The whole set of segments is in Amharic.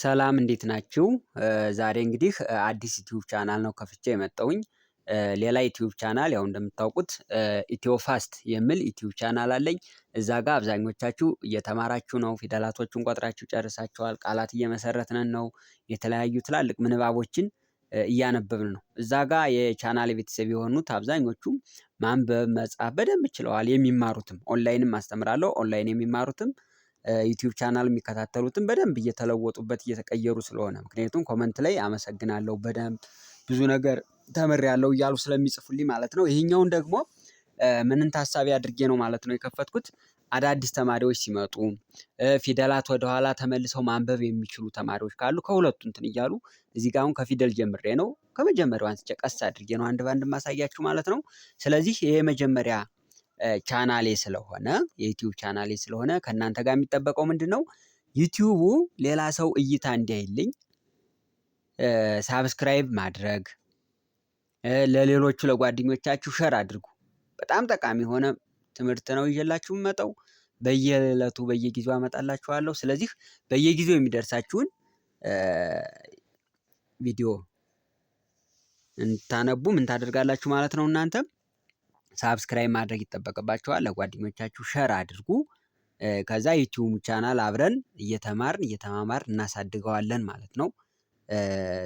ሰላም እንዴት ናችሁ? ዛሬ እንግዲህ አዲስ ዩቲዩብ ቻናል ነው ከፍቼ የመጣውኝ። ሌላ ዩቲዩብ ቻናል ያው እንደምታውቁት ኢትዮፋስት የሚል ዩቲዩብ ቻናል አለኝ። እዛ ጋር አብዛኞቻችሁ እየተማራችሁ ነው። ፊደላቶቹን ቆጥራችሁ ጨርሳችኋል። ቃላት እየመሰረትነን ነው። የተለያዩ ትላልቅ ምንባቦችን እያነበብን ነው። እዛ ጋር የቻናል ቤተሰብ የሆኑት አብዛኞቹ ማንበብ መጻፍ በደንብ ችለዋል። የሚማሩትም ኦንላይንም አስተምራለሁ። ኦንላይን የሚማሩትም ዩቲዩብ ቻናል የሚከታተሉትን በደንብ እየተለወጡበት እየተቀየሩ ስለሆነ ምክንያቱም ኮመንት ላይ አመሰግናለሁ በደንብ ብዙ ነገር ተምሬያለሁ እያሉ ስለሚጽፉልኝ ማለት ነው። ይሄኛውን ደግሞ ምንን ታሳቢ አድርጌ ነው ማለት ነው የከፈትኩት አዳዲስ ተማሪዎች ሲመጡ ፊደላት ወደኋላ ተመልሰው ማንበብ የሚችሉ ተማሪዎች ካሉ ከሁለቱ እንትን እያሉ እዚህ ጋር አሁን ከፊደል ጀምሬ ነው ከመጀመሪያው አንስቼ ቀስ አድርጌ ነው አንድ በአንድ ማሳያችሁ ማለት ነው። ስለዚህ መጀመሪያ ቻናሌ ስለሆነ የዩቲዩብ ቻናሌ ስለሆነ ከእናንተ ጋር የሚጠበቀው ምንድን ነው? ዩቲዩቡ ሌላ ሰው እይታ እንዲያይልኝ ሳብስክራይብ ማድረግ ለሌሎቹ ለጓደኞቻችሁ ሸር አድርጉ። በጣም ጠቃሚ የሆነ ትምህርት ነው ይዤላችሁ የምመጣው። በየዕለቱ በየጊዜው አመጣላችኋለሁ። ስለዚህ በየጊዜው የሚደርሳችሁን ቪዲዮ እንታነቡ ምን ታደርጋላችሁ ማለት ነው እናንተም። ሳብስክራይብ ማድረግ ይጠበቅባቸዋል። ለጓደኞቻችሁ ሸር አድርጉ። ከዛ ዩቲዩብ ቻናል አብረን እየተማርን እየተማማርን እናሳድገዋለን ማለት ነው።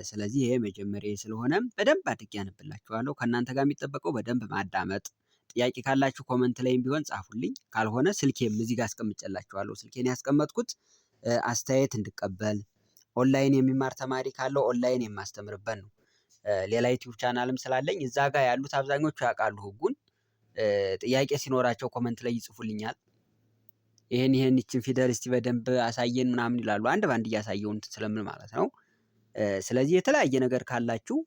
ስለዚህ ይሄ መጀመሪያ ስለሆነ በደንብ አድርጌ ያነብላችኋለሁ። ከእናንተ ጋር የሚጠበቀው በደንብ ማዳመጥ። ጥያቄ ካላችሁ ኮመንት ላይም ቢሆን ጻፉልኝ። ካልሆነ ስልኬም እዚህ ጋር ስልኬን ያስቀመጥኩት አስተያየት እንድቀበል ኦንላይን የሚማር ተማሪ ካለው ኦንላይን የማስተምርበት ነው። ሌላ ዩቲዩብ ቻናልም ስላለኝ እዛ ጋር ያሉት አብዛኞቹ ያውቃሉ ህጉን ጥያቄ ሲኖራቸው ኮመንት ላይ ይጽፉልኛል። ይሄን ይሄን ይችን ፊደል እስቲ በደንብ አሳየን ምናምን ይላሉ። አንድ በአንድ እያሳየውን ስለምን ማለት ነው። ስለዚህ የተለያየ ነገር ካላችሁ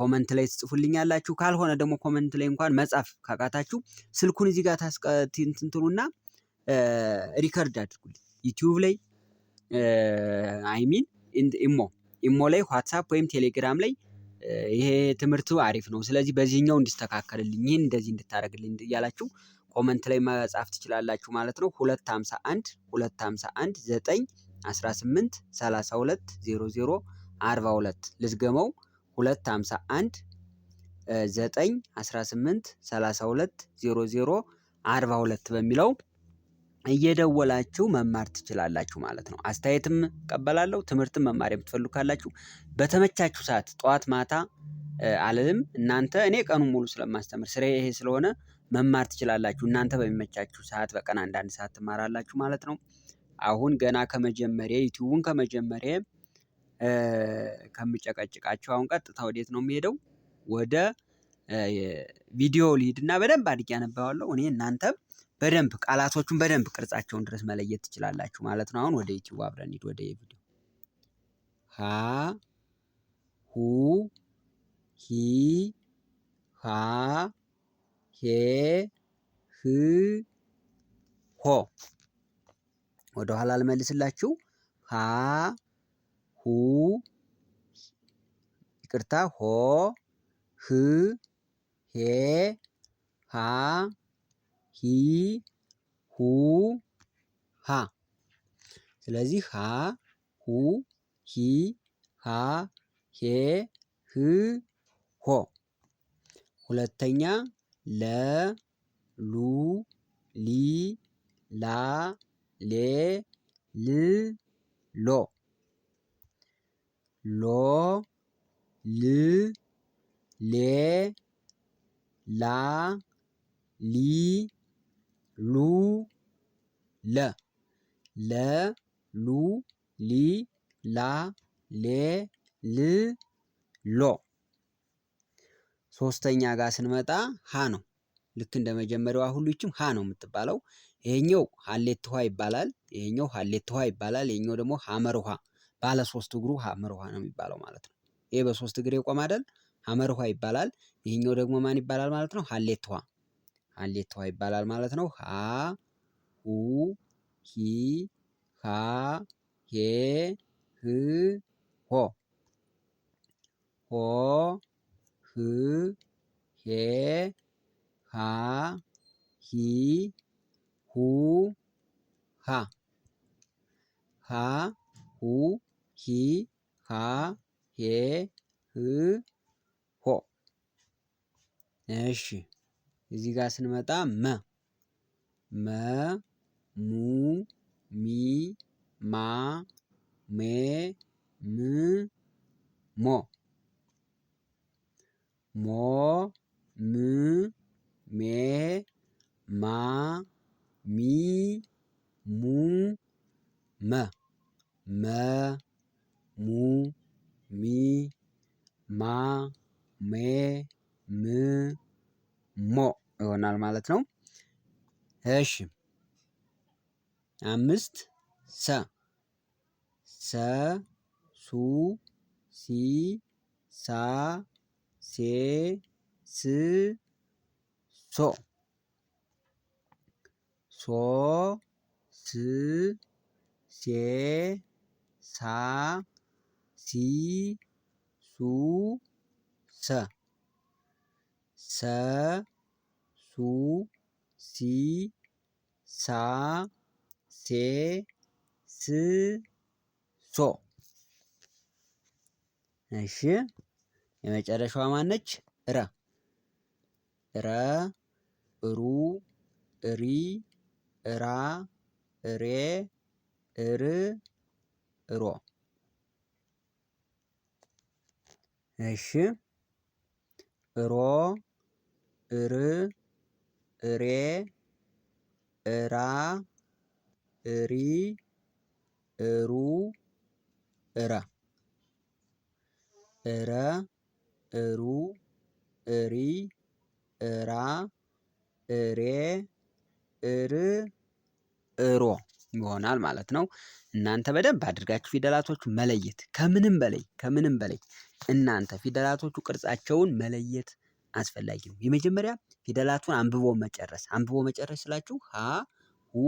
ኮመንት ላይ ትጽፉልኛላችሁ። ካልሆነ ደግሞ ኮመንት ላይ እንኳን መጻፍ ካቃታችሁ ስልኩን እዚህ ጋር ታስቀትንትንትሉና ሪከርድ አድርጉልኝ ዩቲዩብ ላይ አይሚን ኢሞ ኢሞ ላይ ዋትሳፕ ወይም ቴሌግራም ላይ ይሄ ትምህርቱ አሪፍ ነው፣ ስለዚህ በዚህኛው እንዲስተካከልልኝ ይህን እንደዚህ እንድታደርግልኝ እያላችሁ ኮመንት ላይ መጻፍ ትችላላችሁ ማለት ነው። 251 251 9 18 32 00 42 ልዝገመው 251 9 18 32 00 42 በሚለው እየደወላችሁ መማር ትችላላችሁ ማለት ነው። አስተያየትም እቀበላለሁ ትምህርትም መማር የምትፈልጉ ካላችሁ በተመቻችሁ ሰዓት ጠዋት ማታ አልልም እናንተ እኔ ቀኑን ሙሉ ስለማስተምር ስ ይሄ ስለሆነ መማር ትችላላችሁ እናንተ በሚመቻችሁ ሰዓት በቀን አንዳንድ ሰዓት ትማራላችሁ ማለት ነው። አሁን ገና ከመጀመሪያ ዩቲዩቡን ከመጀመሪያ ከምጨቀጭቃቸው አሁን ቀጥታ ወዴት ነው የሚሄደው? ወደ ቪዲዮ እና በደንብ አድርጌ አነባዋለሁ እኔ እናንተም በደንብ ቃላቶቹን በደንብ ቅርጻቸውን ድረስ መለየት ትችላላችሁ ማለት ነው። አሁን ወደ ዩቲዩብ አብረን ሂድ ወደ ቪዲዮ ሀ ሁ ሂ ሃ ሄ ህ ሆ ወደ ኋላ ልመልስላችሁ። ሀ ሁ ይቅርታ ሆ ህ ሄ ሃ ሂ ሁ ሃ ስለዚህ ሃ ሁ ሂ ሃ ሄ ህ ሆ። ሁለተኛ ለ ሉ ሊ ላ ሌ ል ሎ ሎ ል ሌ ላ ሊ ሉ ለ ለ ሉ ሊ ላ ሌ ል ሎ ሶስተኛ ጋር ስንመጣ ሀ ነው። ልክ እንደ መጀመሪያዋ ሁሉ ይችም ሀ ነው የምትባለው። ይሄኛው ሀሌት ውሃ ይባላል። ይሄኛው ሀሌት ውሃ ይባላል። ይሄኛው ደግሞ ሀመር ውሃ ባለ ሶስት እግሩ ሀመር ውሃ ነው የሚባለው ማለት ነው። ይሄ በሶስት እግር የቆመ አይደል ሀመር ውሃ ይባላል። ይሄኛው ደግሞ ማን ይባላል ማለት ነው? ሀሌት ውሃ ሀሌት ይባላል ማለት ነው። ሀ ሁ ሂ ሃ ሄ ህ ሆ ሆ ህ ሄ ሃ ሂ ሁ ሃ ሃ ሁ ሂ ሃ ሄ ህ ሆ እሺ እዚህ ጋር ስንመጣ መ መ ሙ ሚ ማ ሜ ም ሞ ሞ ም ሜ ማ ሚ ሙ መ መ ሙ ሚ ማ ሜ ም ሞ ይሆናል ማለት ነው። እሺ አምስት ሰ ሰ ሱ ሲ ሳ ሴ ስ ሶ ሶ ስ ሴ ሳ ሲ ሱ ሰ ሰ ሱ ሲ ሳ ሴ ስ ሶ። እሺ የመጨረሻዋ ማነች? ረ ረ ሩ ሪ ራ ሬ እር ሮ። እሺ ሮ እር? እሬ እራ እሪ እሩ እረ እረ እሩ እሪ እራ እሬ እር እሮ ይሆናል ማለት ነው። እናንተ በደንብ አድርጋችሁ ፊደላቶቹ መለየት ከምንም በላይ ከምንም በላይ እናንተ ፊደላቶቹ ቅርጻቸውን መለየት አስፈላጊ ነው። የመጀመሪያ ፊደላቱን አንብቦ መጨረስ አንብቦ መጨረስ ስላችሁ ሀ ሁ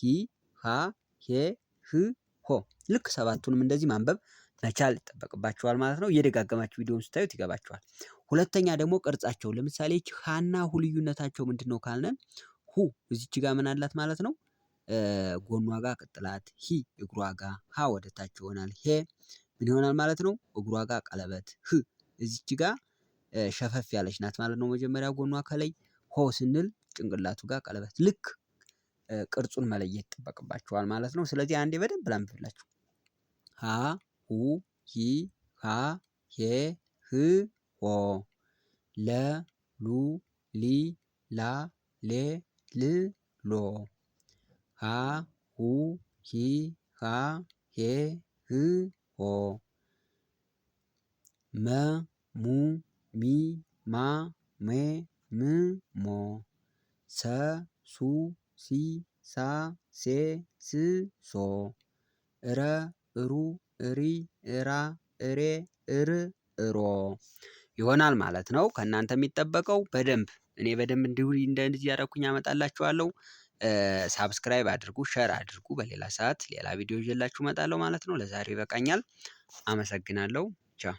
ሂ ሃ ሄ ህ ሆ ልክ ሰባቱንም እንደዚህ ማንበብ መቻል ይጠበቅባችኋል ማለት ነው። እየደጋገማችሁ ቪዲዮውን ስታዩት ይገባችኋል። ሁለተኛ ደግሞ ቅርጻቸው ለምሳሌ ሀና ሁ ልዩነታቸው ምንድን ነው ካልነን ሁ እዚች ጋ ምን አላት ማለት ነው ጎኗ ጋ ቅጥላት፣ ሂ እግሯ ጋ ሀ ወደታች ይሆናል። ሄ ምን ይሆናል ማለት ነው እግሯ ጋ ቀለበት፣ ህ እዚች ጋ ሸፈፍ ያለች ናት ማለት ነው። መጀመሪያ ጎኗ ከላይ ሆ ስንል ጭንቅላቱ ጋር ቀለበት ልክ ቅርጹን መለየት ይጠበቅባቸዋል ማለት ነው። ስለዚህ አንዴ በደንብ ላንብብላችሁ። ሀ ሁ ሂ ሃ ሄ ህ ሆ ለ ሉ ሊ ላ ሌ ል ሎ ሀ ሁ ሂ ሃ ሄ ህ ሆ መ ሙ ሚ ማ ሜ ም ሞ ሰ ሱ ሲ ሳ ሴ ስ ሶ እረ እሩ እሪ እራ እሬ እር እሮ ይሆናል ማለት ነው። ከእናንተ የሚጠበቀው በደንብ እኔ በደንብ እንዲሁ እንደዚህ እያደረኩኝ አመጣላችኋለሁ። ሳብስክራይብ አድርጉ፣ ሸር አድርጉ። በሌላ ሰዓት ሌላ ቪዲዮ ይዤላችሁ እመጣለሁ ማለት ነው። ለዛሬ ይበቃኛል። አመሰግናለሁ። ቻው